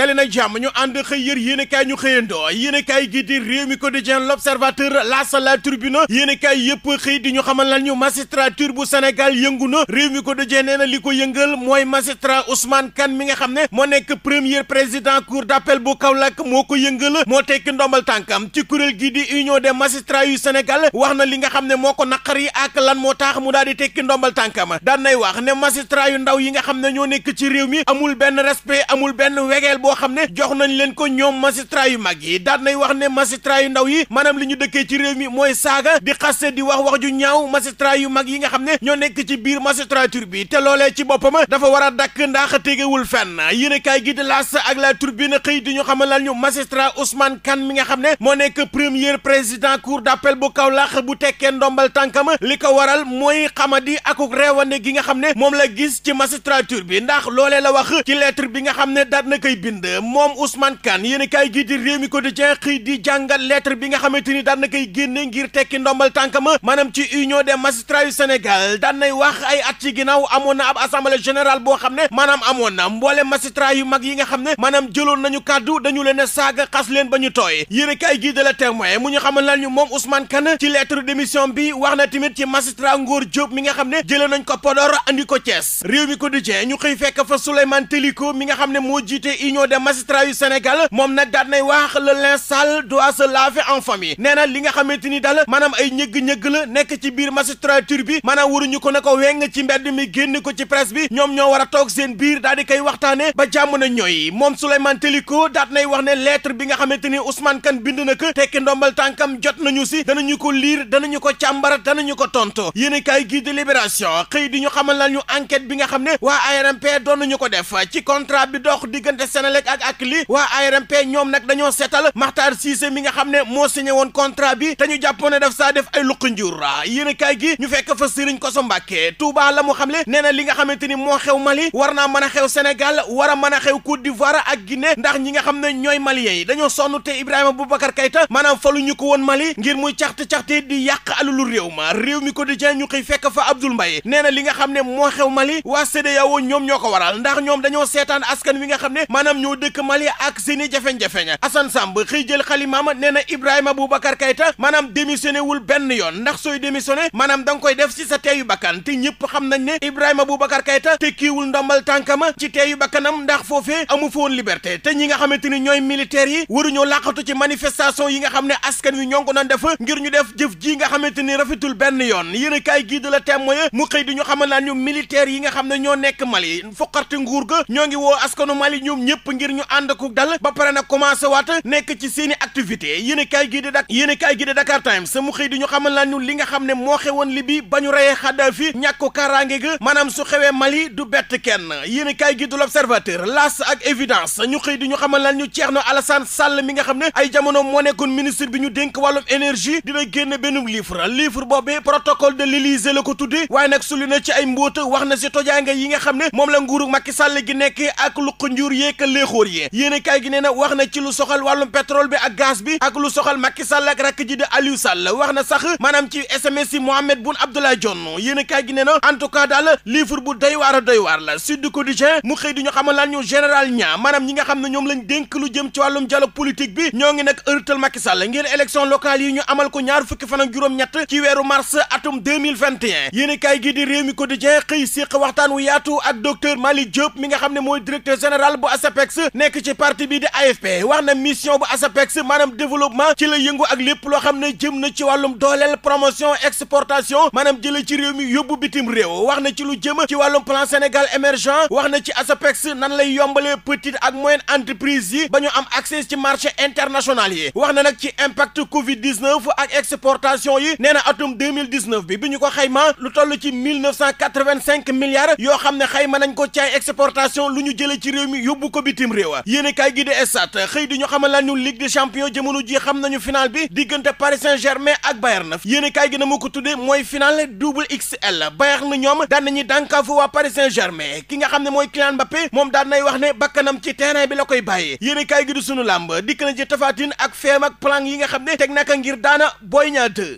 dali nag jàmm ñu ànd xëy yër yéen i kaay ñu xëyandoo yéen i kaay gi di réew mi quotidien l'observateur la sa la tribune yéen i kaay yëpp xëy di ñu xamal lan ñu magistrature bu senegal yëngu na réew mi quotidien nee na li ko yëngal mooy magistrat Ousmane Kane mi nga xam ne moo nekk premier président cour d'appel bu Kaolack moo ko yëngal moo tekki ndombal tànkam ci kuréel gi di union des magistrats yu senegal wax na li nga xam ne moo ko naqari ak lan moo tax mu daal di tekki ndombal tànkam daan nay wax ne magistrat yu ndaw yi nga xam ne ñoo nekk ci réew mi amul benn respect amul benn wegeel boo xam ne jox nañ leen ko ñoom magistrat yu mag yi daat nay wax ne magistrat yu ndaw yi maanaam li ñu dëkkee ci réew mi mooy saaga di xaste di wax wax ju ñaaw magistrat yu mag yi nga xam ne ñoo nekk ci biir magistrature bi te loolee ci boppam dafa a dakk ndax tegewul fenn yéenekaay gi di L'As ak La Tribune xëy di ñu xamal ñu magistrat Ousmane Kane mi nga xam ne moo nekk premier président cour d'appel bu Kaolack bu tekkee ndombal tànkama li ko waral mooy xamadi akuk réewande gi nga xam ne moom la gis ci magistrature bi ndax loolee la wax ci lettre bi nga xam ne daat na koy bind ànd moom Ousmane Kane yéen a kaay gi di réew mi quotidien xëy di jàngal lettre bi nga xamante ni daan na koy génne ngir tekki ndombal tànkam maanaam ci union des magistrats yu Sénégal daan nay wax ay at ci ginnaaw amoon na ab assemblée générale boo xam ne maanaam amoon na mboole magistrat yu mag yi nga xam ne maanaam jëloon nañu kàddu dañu leen a saaga xas leen ba ñu tooy yéen a kaay gi de la témoin mu ñu xamal lan ñu moom Ousmane Kane ci lettre démission bi wax na tamit ci magistrat Ngor Diop mi nga xam union des magistrats yu Sénégal moom nag daat nay wax le linge sale doit se laver en famille nee na li nga xamante ni daal maanaam ay ñëgg-ñëgg la nekk ci biir magistrature bi maanaam waruñu ko ne ko weng ci mbedd mi génn ko ci presse bi ñoom ñoo war a toog seen biir daal di koy waxtaane ba jàmm na ñooy moom Souleymane Teliko daat nay wax ne lettre bi nga xamante ni Ousmane Kane bind na ko tekki ndombal tànkam jot nañu si danañu ko liir danañu ko càmbara danañu ko tontu yéen a kaay gii de libération xëy di ñu xamal bi nga xam ne waa ko def ci contrat bi dox diggante Senelec ak ak li waa ARMP ñoom nag dañoo seetal Makhtar Cissé mi nga xam ne moo signé woon contrat bi te ñu jàppoon ne daf saa def ay luqi njur yéen a kaay gi ñu fekk fa Serigne Koso Mbacke Touba la mu xam le nee na li nga xamante ni moo xew Mali war naa mën a xew Sénégal war a mën a xew Côte d'Ivoire ak Guinée ndax ñi nga xam ne ñooy maliens yi dañoo sonn te Ibrahima Boubacar Keïta maanaam falu ñu ko woon Mali ngir muy caxte-caxte di yàq alalu réew ma réew mi quotidien ñu xëy fekk fa Abdoul Mbaye nee na li nga xam ne moo xew Mali waa CEDEAO ñoom ñoo ko waral ndax ñoom dañoo seetaan askan wi nga xam ne maanaam ñoo dëkk Mali ak seen i jafe asan ña Assane Samb xëy jël xalimaam nee na Ibrahima Boubacar Keita maanaam démissionné wul benn yoon ndax sooy démissionné maanaam da koy def si sa teeyu bakkan te ñëpp xam nañ ne Ibrahima Boubacar Keita te kiiwul ndombal tànkama ci teeyu bakkanam ndax foofe amu foon liberté te ñi nga xamante ni ñooy militaires yi waruñoo làqatu ci manifestation yi nga xam ne askan wi ñoo ko doon def ngir ñu def jëf ji nga xamante ni rafetul benn yoon yéen gii de la témoin mu xëy di ñu xamal naa ñu militaires yi nga xam ne ñoo nekk Mali foqarti nguur ga ñoo ngi woo askanu Mali ñoom ñëpp ngir ñu ànd ku dal ba pare nag commencé nekk ci seen i activité yéen i kaay gii di dak yéen i kaay gii di Dakar Times mu xëy di ñu xamal la li nga xam ne moo xewoon Libi ba ñu reyee Xadaafi ñàkku kaaraange ga maanaam su xewee Mali du bett kenn yéen i kaay gii du l'Observateur las ak évidence ñu xëy di ñu xamal la ñu Thierno Alassane Sall mi nga xam ne ay jamono moo nekkoon ministre bi ñu dénk wàllum énergie dina génn benn livre livre boobu protocole de l'Élysée la ko tudde waaye nag suli na ci ay mbóota wax na si tojaange yi nga xam ne moom la nguuru Macky Sall gi nekk neexóor yi yéene kaay gi nee na wax na ci lu soxal wàllum pétrole bi ak gaz bi ak lu soxal Macky ak rakk ji di Aliou Sall wax na sax maanaam ci SMS yi Mohamed Boun Abdallah yéene kaay gi nee na en livre bu doy waar a doy waar la Sud Quotidien mu xëy di ñu xamal laan ñu général ña ñi nga xam ne ñoom lañ dénk lu jëm ci wàllum dialogue politique bi ñoo ngi nag ërtal Macky ngir élection locale yi ñu amal ko ñaar fukki fan juróom-ñett ci weeru mars ASAPEX nekk ci parti bi di AFP wax na mission bu ASAPEX maanaam développement ci la yëngu ak lépp loo xam ne jëm na ci wàllum dooleel promotion exportation maanaam jële ci réew mi yóbbu bitim réew wax na ci lu jëm ci wàllum plan Sénégal émergent wax na ci ASAPEX nan lay yombalee petite ak moyenne entreprise yi ba ñu am accès ci marché international yi wax na nag ci impact Covid 19 ak exportation yi nee na atum 2019 bi bi ñu ko xayma lu toll ci 1985 milliards yoo xam ne nañ ko ci exportation lu ñu jëlee ci réew mi yóbbu ko bitim bitim réew yéene kaay gi di estat xëy di ñu xamal lan ñu ligue des champions jamono ji xam nañu final bi diggante Paris germain ak Bayern yéene kaay gi na ma ko mooy final XL Bayern na ñoom daan nañuy dànkaafu waa Paris germain ki nga xam ne mooy Kylian Mbappé moom daan wax ne bakkanam ci terrain bi la koy bàyyee yéene kaay gi di sunu làmb dikk na ci Tapha Tine ak feem ak plan yi nga xam ne teg naka ngir daana Boy Niang